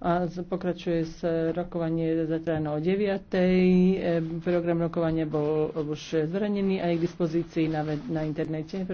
a pokračuje sa rokovanie zatiaľ o 9. E, program rokovania bol už zverejnený a je k dispozícii na, na internete.